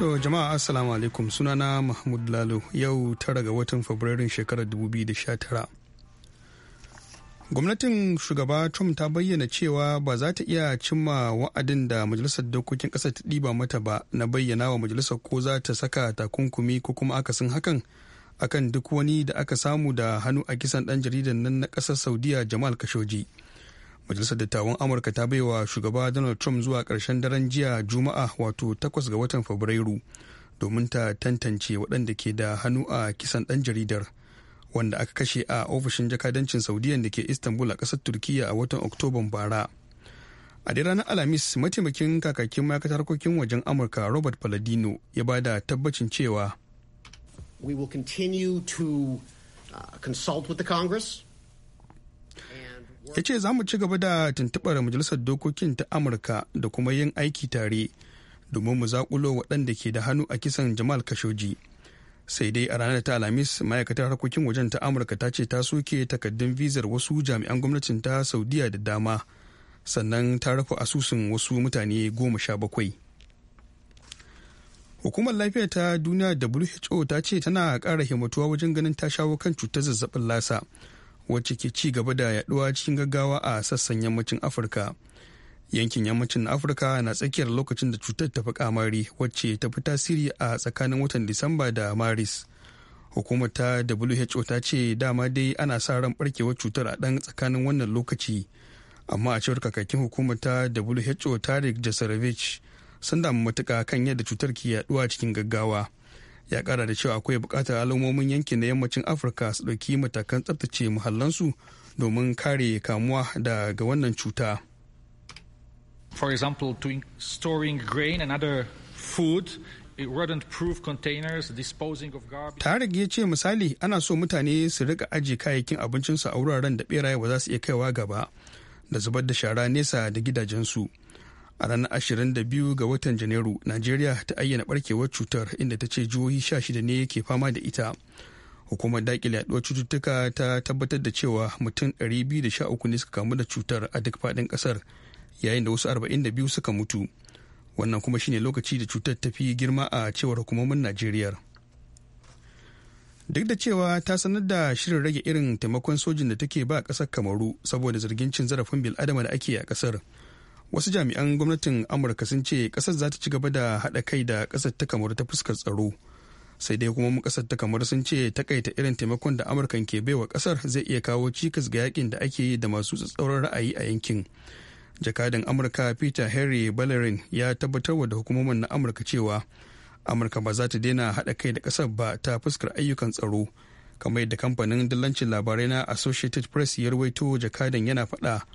To jama'a assalamu alaikum sunana Mahmud Lalo yau tara ga watan Fabrairun shekarar 2019. Gwamnatin shugaba Trump ta bayyana cewa ba za ta iya cimma wa'adin da majalisar dokokin ƙasa ta ɗiba mata ba na bayyana wa majalisar ko za ta saka takunkumi ko kuma akasin hakan akan duk wani da aka samu da hannu a kisan ɗan jaridan nan na ƙasar Saudiya Jamal Khashoggi. majalisar dattawan amurka ta baiwa shugaba donald trump zuwa ƙarshen daren jiya juma'a wato 8 ga watan fabrairu domin ta tantance waɗanda ke da hannu a kisan ɗan jaridar wanda aka kashe a ofishin jakadancin Saudiyya da ke istanbul a ƙasar turkiya a watan oktoban bara a dai ranar alhamis mataimakin kakakin ma'aikatar harkokin wajen amurka robert paladino ya ba da tabbacin cewa we will continue to uh, consult with congress ya ce za mu ci gaba da tuntuɓar majalisar dokokin ta amurka da kuma yin aiki tare domin mu zakulo waɗanda ke da hannu a kisan jamal kashoji sai dai a ranar ta alhamis ma'aikatar harkokin wajen ta amurka ta ce ta soke takaddun vizar wasu jami'an gwamnatin ta saudiya da dama sannan ta rufe asusun wasu mutane goma sha bakwai hukumar lafiya ta duniya who ta ce tana ƙara himmatuwa wajen ganin ta shawo kan cutar zazzabin lasa wacce ke ci gaba da yaduwa cikin gaggawa a sassan yammacin afirka yankin yammacin afirka na tsakiyar lokacin da cutar ta fi kamari wacce ta fi tasiri a tsakanin watan disamba da maris hukumar ta who ta ce dama dai ana sa ran barkewar cutar a ɗan tsakanin wannan lokaci amma a cewar kakakin hukumar ta who tarik jasarevich sun damu matuka kan yadda cutar ke yaduwa cikin gaggawa ya kara da cewa akwai bukatar alamomin yankin na yammacin afirka su ɗauki matakan tsabtace muhallansu domin kare kamuwa daga wannan cuta for example storing grain and other food eh, Tarik ya ce misali ana so mutane su rika ajiye kayayyakin abincinsu a wuraren da beraye ba za su iya kaiwa gaba da zubar da shara nesa da gidajensu. a ranar 22 ga watan janairu najeriya ta ayyana barkewar cutar inda ta ce jihohi 16 ne ke fama da ita hukumar daƙile yaduwar cututtuka ta tabbatar da cewa mutum 213 ne suka kamu da cutar a duk faɗin ƙasar yayin da wasu 42 suka mutu wannan kuma shine lokaci da cutar ta fi girma a cewar hukumomin najeriya duk da cewa ta sanar da shirin rage irin taimakon sojin da take ba a ƙasar kamaru saboda zargin cin zarafin bil'adama da ake a ƙasar wasu jami'an gwamnatin amurka sun ce kasar za ta ci gaba da haɗa kai da kasar ta kamar ta fuskar tsaro sai dai kuma kasar ta kamar sun ce takaita irin taimakon da amurkan ke baiwa kasar zai iya kawo cikas ga yakin da ake yi da masu tsatsauran ra'ayi a yankin jakadan amurka peter henry ballerin ya tabbatar da hukumomin na amurka cewa amurka ba za ta daina haɗa kai da kasar ba ta fuskar ayyukan tsaro kamar yadda kamfanin dillancin labarai na associated press ya rawaito jakadan yana faɗa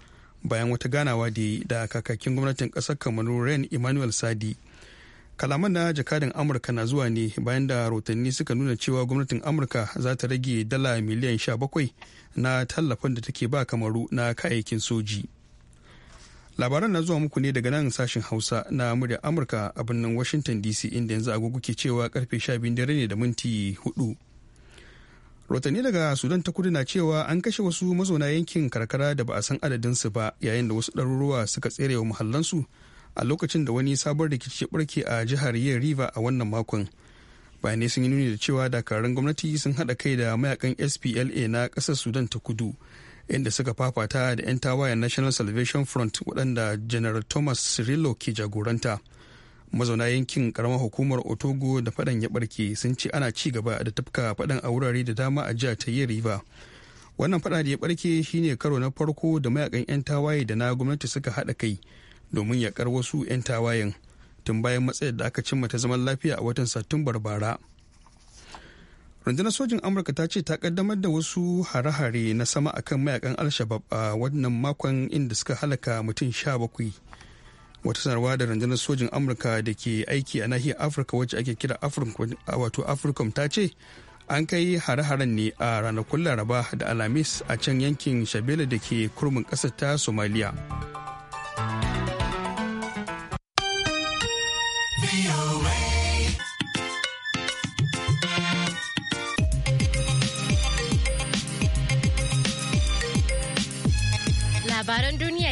bayan wata ganawa da yi da kakakin gwamnatin ƙasar kamaru ren emmanuel sadi kalaman na jakadin amurka na zuwa ne bayan da rahotanni suka nuna cewa gwamnatin amurka za ta rage dala miliyan 17 na tallafin da take ba kamaru na kayayyakin soji labaran na zuwa muku ne daga nan sashen hausa na murya amurka a birnin washington dc inda yanzu agogo ke cewa karfe 12 dare ne da minti 4 rotanni daga sudan ta kudu na cewa an kashe wasu mazauna yankin karkara da ba a san adadinsu ba yayin da wasu ɗaruruwa suka tsere wa muhallansu a lokacin da wani sabon rikici barke a jihar yin river a wannan makon bayanai sun yi nuni da cewa dakarun gwamnati sun haɗa kai da mayakan spla na ƙasar sudan ta kudu inda suka fafata da 'yan tawayan national salvation front waɗanda general thomas cirillo ke jagoranta mazauna yankin karamar hukumar otogo da fadan ya barke sun ce ana ci gaba da tafka fadan a wurare da dama a jiya ta riba wannan fada da ya barke shine karo na farko da mayakan 'yan tawaye da na gwamnati suka haɗa kai domin ya yakar wasu 'yan tawayen tun bayan matsayar da aka cimma ta zaman lafiya a watan satumbar bara rundunar sojin amurka ta ce ta kaddamar da wasu hare-hare na sama akan mayakan al a wannan makon inda suka halaka mutum sha bakwai wata sanarwa da rundunar sojin amurka da ke aiki a nahiyar afirka wacce ake kira wato africom ta ce an kai hare-haren ne a ranakun laraba da alamis a can yankin shabela da ke kurmin ƙasar ta somaliya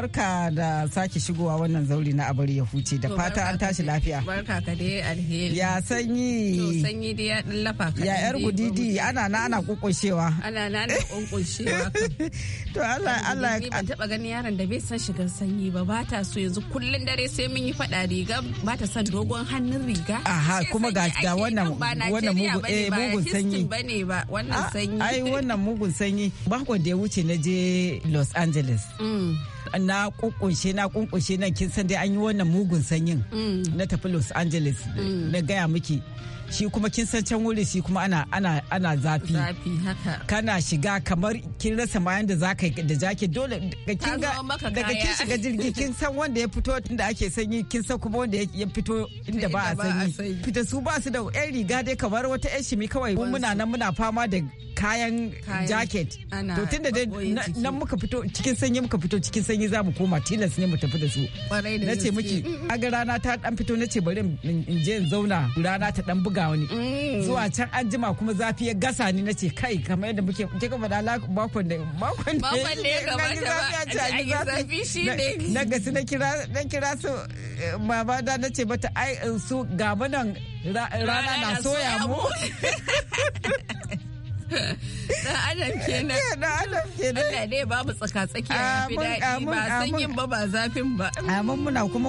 barka da sake shigowa wannan zauri na abar ya huce da fata an tashi lafiya. Barka ka dai alheri. Ya sanyi. To sanyi dai ya dan lafa ka. Ya yar gudidi ana na ana kunkunshewa. Ana na ana kunkunshewa. To Allah Allah ni ban taba ganin yaron da bai san shigar sanyi ba ba ta so yanzu kullun dare sai mun yi fada riga ba ta san dogon hannun riga. Aha kuma ga ga wannan wannan mugun eh mugun sanyi. Ba ne ba wannan eh, ah, sanyi. Ai wannan mugun sanyi. Bakon da ya wuce na je Los Angeles. Mm. na kunkunshe na kunkunshe nan kin san dai an yi wannan mugun sanyin mm. na tafi los angeles mm. na gaya miki shi kuma kin san can wuri shi kuma ana ana ana zafi zafi haka kana shiga kamar kin rasa ma yanda zaka yi da jake dole daga kin ga daga kin shiga jirgi kin san wanda ya fito inda ake sanyi kin san kuma wanda ya fito inda ba a sanyi fita su ba su da yan riga dai kamar wata yan shimi kawai muna nan muna fama da kayan jacket to tunda dai nan muka fito cikin sanyi muka fito cikin sanyi za mu koma tilas ne mu tafi da su na ce miki aga rana ta dan fito na ce bari in je in zauna rana ta dan buga buga wani mm. zuwa can an jima kuma zafi ya gasa ni na ce kai kamar yadda muke kika faɗa bakon da bakon da ya gabata ba zafi shi ne na gasi na kira na kira su mama eh, da na ce mata ai in su ga nan rana na soya mu Dan Adam kenan. Dan Adam kenan. Allah dai babu mu tsaka-tsaki a fi daɗi ba sanyin ba ba zafin ba. Amin muna kuma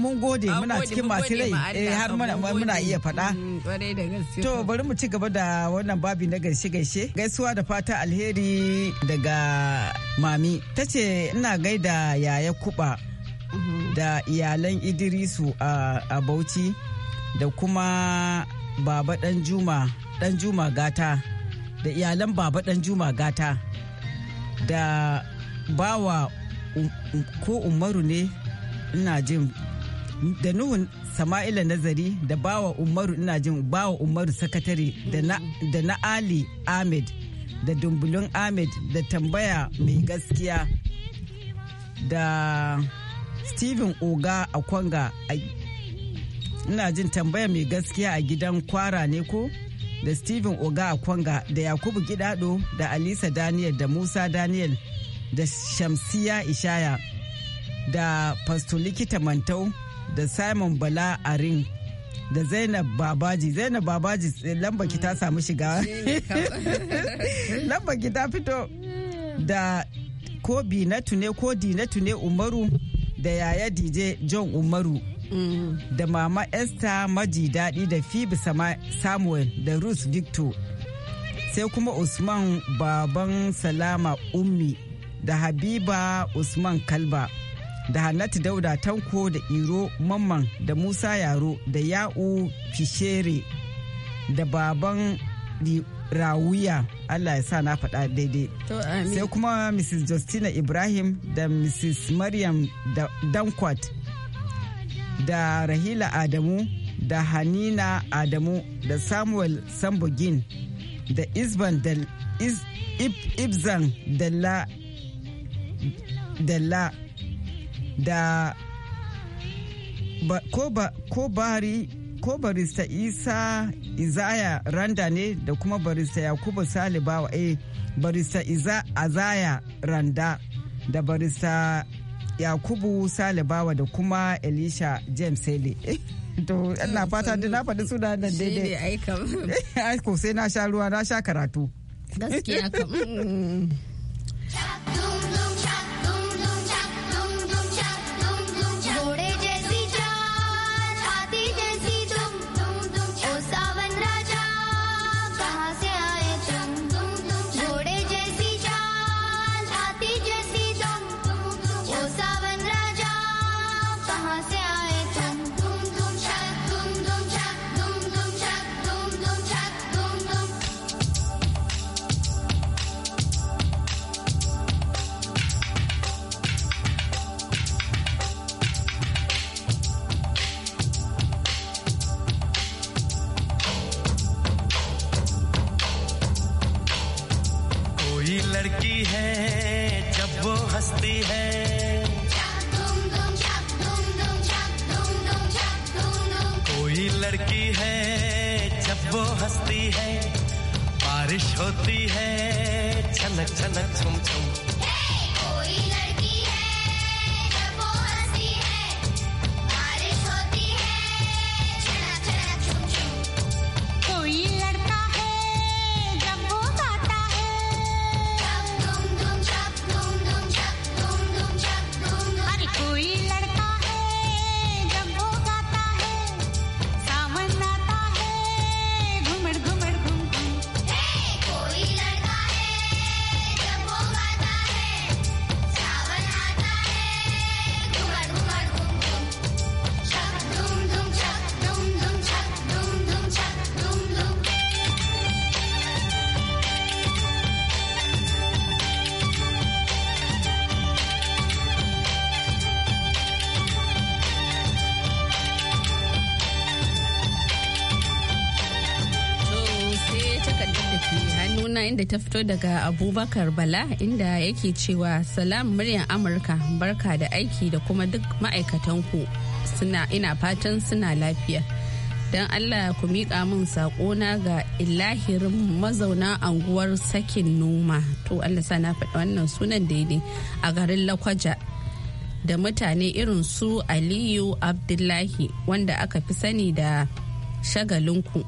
mun gode muna cikin masu rai eh, har muna iya faɗa. Mm, to bari mu ci gaba da wannan babi na gaishe-gaishe. Gaisuwa da fata alheri daga mami. Ta ce ina gaida yaya kuba da iyalan Idrisu a Bauchi da kuma baba ɗan Juma Juma gata. da iyalan baba dan juma gata da bawa um, um, ko umaru ne ina jin da nuhun sama'ila nazari da bawa umaru ina jin bawa umaru sakatare da na ali ahmed da dumbulun ahmed da tambaya mai gaskiya da steven oga a kwanga ina jin tambaya mai gaskiya a gidan kwara ne ko da Stephen Oga kwanga da Yakubu Gidado da Alisa Daniel da Musa Daniel da Shamsiya Ishaya da Pastor Likita Mantau da Simon Bala Arin da Zainab Babaji. Zainab Babaji eh, lamba ki ta mm. samu shiga. lamba ki ta fito da Kobi na tune ko na tune Umaru da yaya DJ John Umaru. da mama esther maji daɗi da phoebe samuel da ruth victor sai kuma usman baban salama ummi da habiba usman kalba da hannatu dauda tanko da iro mamman da musa yaro da ya'u fishere da baban rawuya allah ya sa na faɗa daidai sai kuma mrs justina ibrahim da mrs maryam dankwat da rahila adamu da hanina adamu da samuel sambogin da isban da Is, ibzan dalla dalla da ba, ko, ba, ko bari ko barista isa izaya randa ne da kuma barista yakubu salibawa eh barista iza azaya randa da barista yakubu salibawa da kuma elisha james sele eh, to ina fata da na faɗi suna nan daidai aiko eh, sai na sha ruwa na sha karatu gaskiya kam mm. hannuna inda ta fito daga abubakar bala inda yake cewa salam muryar amurka barka da aiki da kuma duk ma'aikatanku suna ina fatan suna lafiya don allah ku miƙa min na ga ilahirin mazauna anguwar sakin noma to allah sana faɗa wannan sunan daidai a garin lakwaja da mutane irin su aliyu abdullahi wanda aka fi sani da shagalinku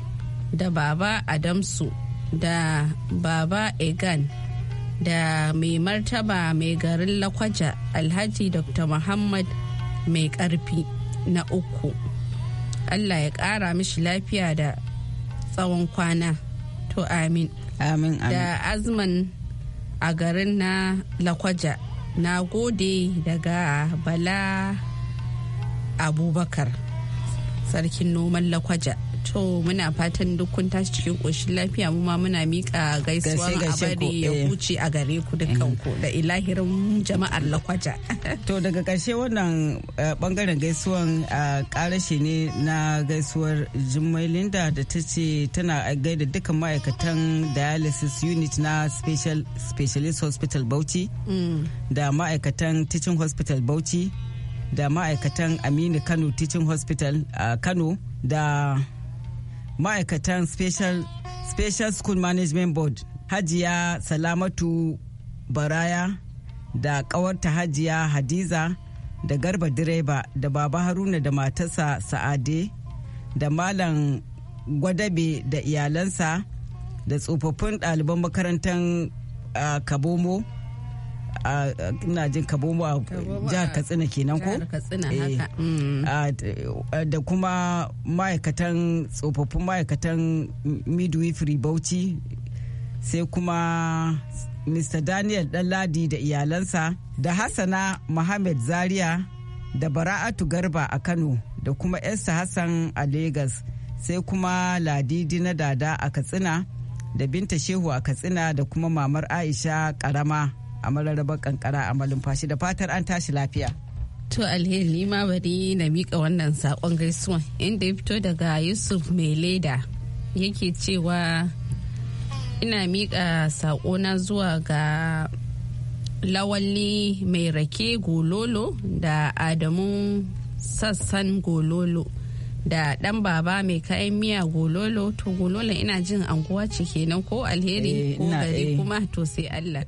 da baba adamsu da baba egan da mai martaba mai garin lakwaja alhaji dr muhammad mai karfi na uku allah ya kara mishi lafiya da tsawon kwana to amin da azman a garin na lakwaja na gode daga bala abubakar sarkin noman lakwaja to muna fatan duk kun tashi cikin koshin lafiya mu ma muna mika gaisuwa a bari ya eh. huce a gare ku dukkan ku da ilahirin jama'ar lakwaja to daga karshe wannan bangaren eh, gaisuwan karashe eh, ne na gaisuwar jummai linda da ta ce tana gaida dukkan ma'aikatan dialysis unit na special specialist hospital bauchi mm. da ma'aikatan teaching hospital bauchi da ma'aikatan aminu kano teaching hospital a kano da ma'aikatan special, special school management board hajiya salamatu baraya da kawarta hajiya hadiza da garba direba da baba haruna da matarsa sa'ade da malam gwadabe da iyalansa da tsofaffin ɗaliban makarantar ah, kabomo a ina jin jihar katsina kenan ko eh. mm. eh, da kuma ma'aikatan tsofaffin ma'aikatan midwifery bauchi sai kuma mr daniel ɗanladi da iyalansa da hassana mohammed zaria da bara'atu garba a kano da kuma esther hassan a lagos sai kuma ladidi na dada a katsina da binta shehu a katsina da kuma mamar aisha karama a mararrabar kankara a malumfashi da fatar an tashi lafiya. To alheri ma bari na mika wannan sakon gaisuwa inda ya fito daga Yusuf mai leda yake cewa ina mika na zuwa ga lawalli mai rake gololo da Adamu sassan gololo da dan baba mai kayan miya gololo to gololo ina jin anguwa ce kenan ko alheri eh, ko gari eh. kuma to sai Allah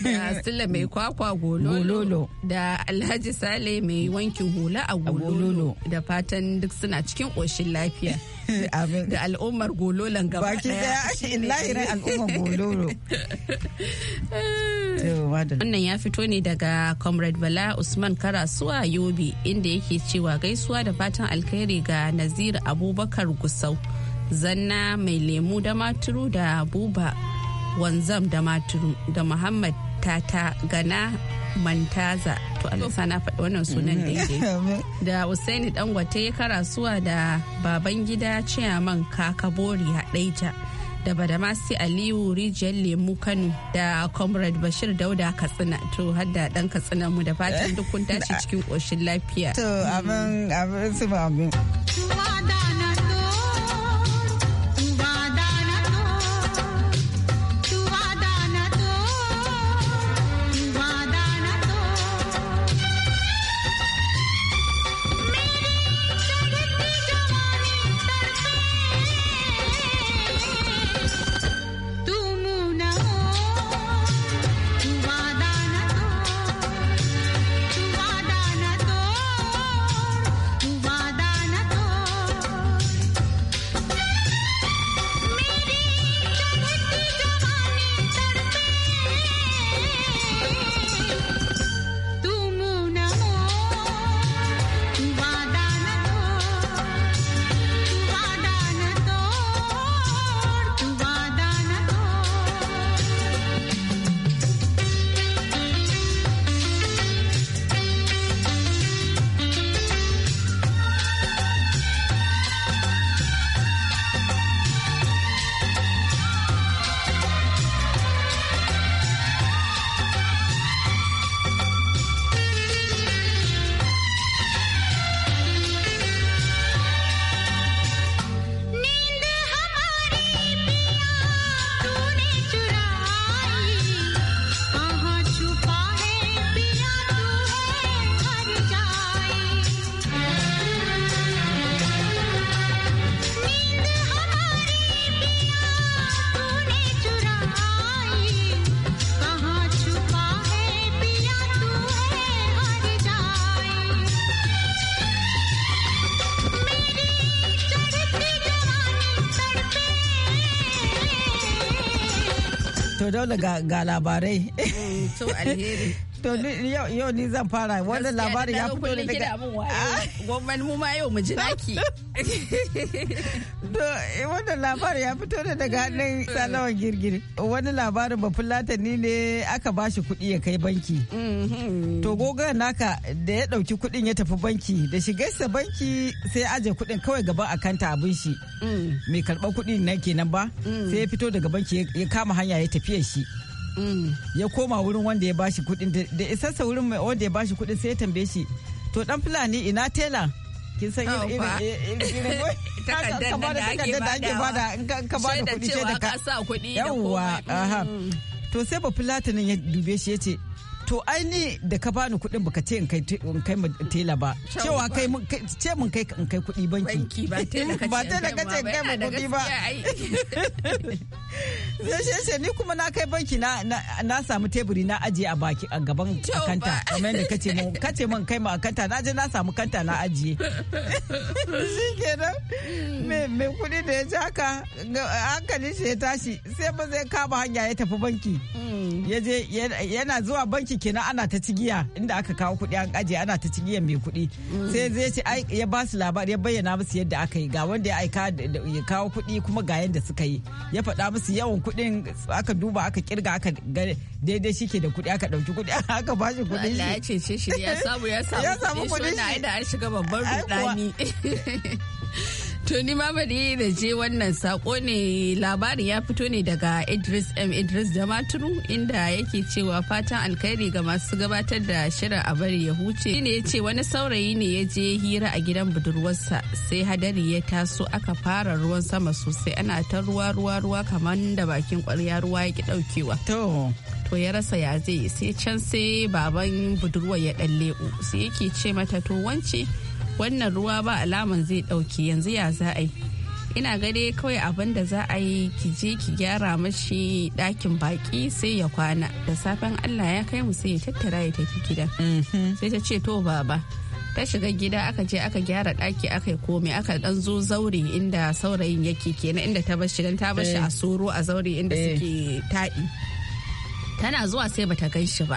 da sula mai kwakwa gololo da alhaji sale mai wankin hula a gololo da fatan duk suna cikin koshin lafiya da al'ummar gololan gaba daya lahirin al'ummar gololo wannan ya fito ne daga comrade bala usman karasuwa yobi inda yake cewa gaisuwa da fatan alkhairi ga nazir abubakar gusau zanna mai lemu da maturu da buba wanzam da maturu da muhammad tata gana mantaza to alisa na faɗi wannan sunan da da usaini dangote ya karasuwa da baban gida ciyaman a haɗaita da badamasi aliyu rijiyar lemu kano da comrade bashir dauda katsina to hadda dan katsina mu da fatan duk kun tashi cikin koshin lafiya to abin abin su ba abin dole ga labarai. Mm, to alheri. to yau ni zan fara wannan labarin ah! eh, ya fito ne daga ne daga hannun salawan girgiri wani labarin ba ne aka bashi kuɗi ya kai banki mhm. to goga naka da ya ɗauki kuɗin ya tafi banki da shigarsa banki sai aje kuɗin kawai gaban akanta abin shi mm. mai karɓar kuɗin nan kenan ba mm. sai ya fito daga banki ya kama hanya ya tafiya shi Mm. ya koma wurin wanda ya bashi kudin da isarsa wurin mai wanda ya bashi kudin sai ya tambaye shi to dan fulani ina tela kin san irin takardar da ake bada ka bada kudi ce da ka sa kudi da kowa mm. to sai ba fulatinin ya dube shi ya ce to ai ni da ka bani kuɗin baka ce in kai tela ba cewa kai ce mun kai in kai kuɗi banki ba tela ka ce kai mun kuɗi ba sai sai sai ni kuma na kai banki na na samu teburi na aje a baki a gaban kanta kamar yadda kace mun kace mun kai mu kanta na je na samu kanta na ajiye shikenan me me kuɗi da ya ji haka hankalin shi ya tashi sai ba zai kama hanya ya tafi banki hmm. yana zuwa banki banki kenan ana ta cigiya inda aka kawo kuɗi an ajiye ana ta cigiyan mai kuɗi sai mm. zai ce ya ba su labari ya bayyana musu yadda aka yi ga wanda ya aika ya kawo kuɗi kuma ga yadda suka yi ya faɗa musu yawan kuɗin aka duba aka kirga aka daidai shike da kuɗi aka ɗauki kuɗi aka ba shi kuɗi shi ya cece shi ya samu ya samu kuɗi shi wanda ai da an shiga babban ruɗani. To mamadi ma da je wannan sako ne labari ya fito ne daga Idris M Idris Jamaturu inda yake cewa fatan alkhairi ga masu gabatar da shirin a bari ya huce. shi ne ya ce wani saurayi ne ya je hira a gidan budurwarsa sai hadari ya taso aka fara ruwan sama sosai ana ta ruwa ruwa ruwa kamar da bakin kwarya ruwa ya ki daukewa. To ya rasa ya zai sai can sai baban budurwar ya dan lebu sai yake ce mata to wance wannan ruwa ba alaman zai ɗauki yanzu ya za a yi ina gade kawai abin da za a yi ki je ki gyara mashi ɗakin baƙi sai ya kwana da safen allah ya kai mu sai ya tattara ya tafi gida mhm. sai ta ce to baba ta shiga gida aka je aka gyara ɗaki aka yi komai aka dan zo zaure inda saurayin yake kenan inda ta bashi dan ta bar a eh. soro a zaure inda eh. suke taɗi tana zuwa sai bata gan shi ba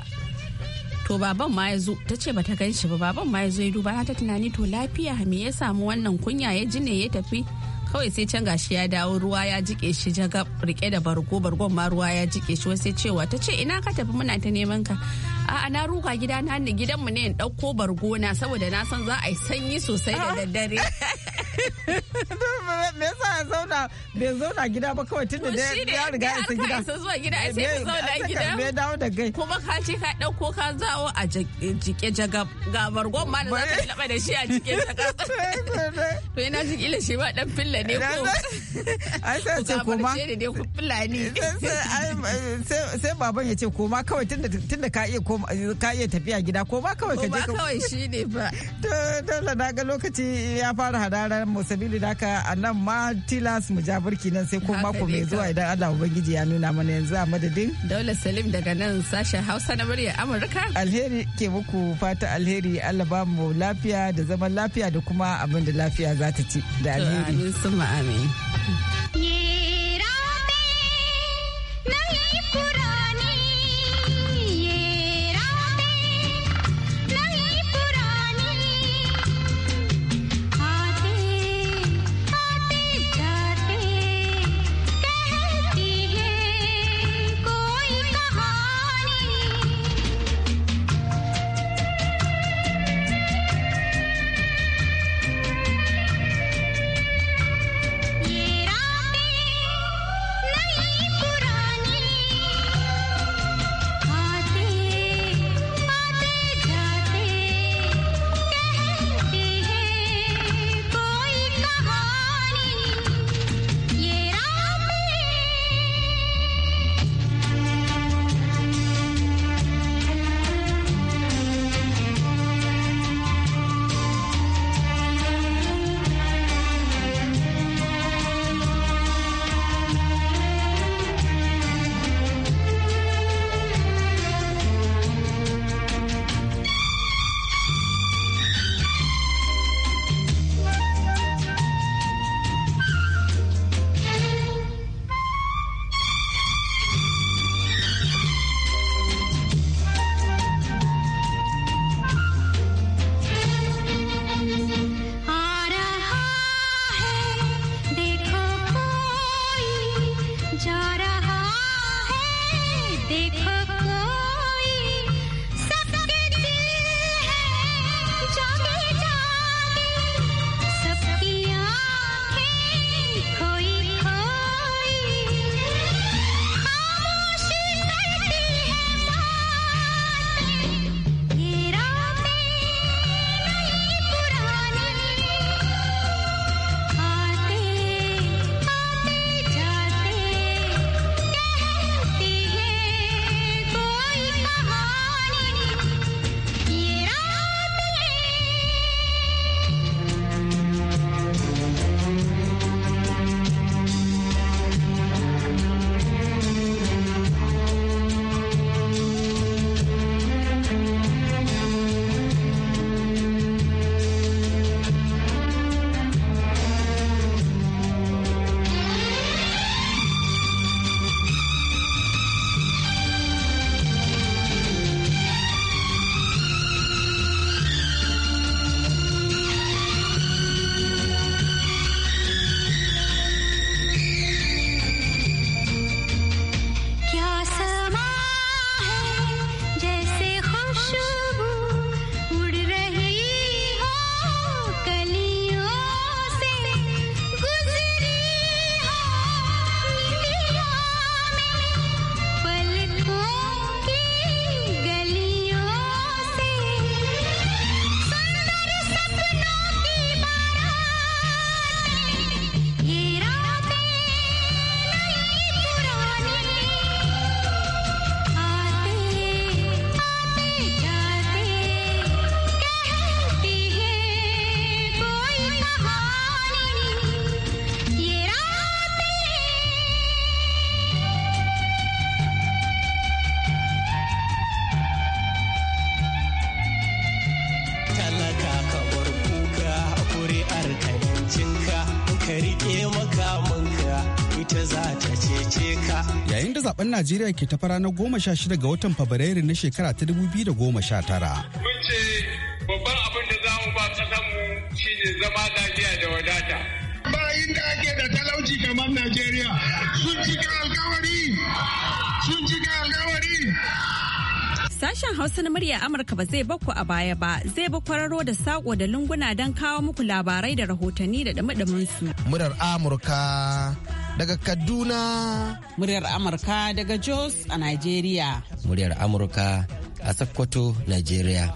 to baban ma ya zo ta ce bata gan shi ba baban ma ya zo ya duba ta tunani to lafiya me ya samu wannan kunya ya ji ne ya tafi kawai sai can gashi ya dawo ruwa ya jike shi jaga rike da bargo bargon ma ruwa ya jike shi sai cewa ta ce ina ka tafi muna ta neman ka a'a na ruka gida na hannu gidan mu ne in dauko bargo na saboda na san za a yi sanyi sosai da daddare me yasa zauna bai zauna gida ba kawai tun da ya riga ya isa gida. Shi ne zuwa gida ai sai ka eh, zauna gida. Bai dawo da gai Kuma ka ce ka ɗauko ka zawo a jike jaga ga bargon ma da za ka laɓa da shi a jike jaga To yana jin ila shi ma ɗan filla ne ko. Ai sai ce koma. Ku filla Sai baban ya ce koma kawai tun da ka iya tafiya gida koma kawai ka je. Koma kawai shi ne ba. To dole na ga lokaci ya fara hadarar musabili da ka a nan ma tilas mu jabi mulki nan sai ko mako mai zuwa idan Allah Ubangiji ya nuna mana yanzu a madadin. Daula Salim daga nan sashen Hausa na murya Amurka. Alheri ke muku fata alheri Allah ba mu lafiya da zaman lafiya da kuma abin da lafiya za ta ci da alheri. Amin suma amin. Najeriya ke ta fara na goma sha shida ga watan Fabrairu na shekara ta dubu biyu da goma sha tara. Mun ce babban abin da za mu ba ƙasanmu ne zama lafiya da wadata. Bayin da ake da talauci kamar Najeriya sun cika alkawari sun cika alkawari. Sashen Hausa na murya Amurka ba zai baku a baya ba, zai ba kwararo da sako da lunguna don kawo muku labarai da rahotanni da dumi su. Murar Amurka daga Kaduna. Muryar Amurka daga Jos a Najeriya. Muryar Amurka a Sokoto, Nigeria.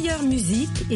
meilleure musique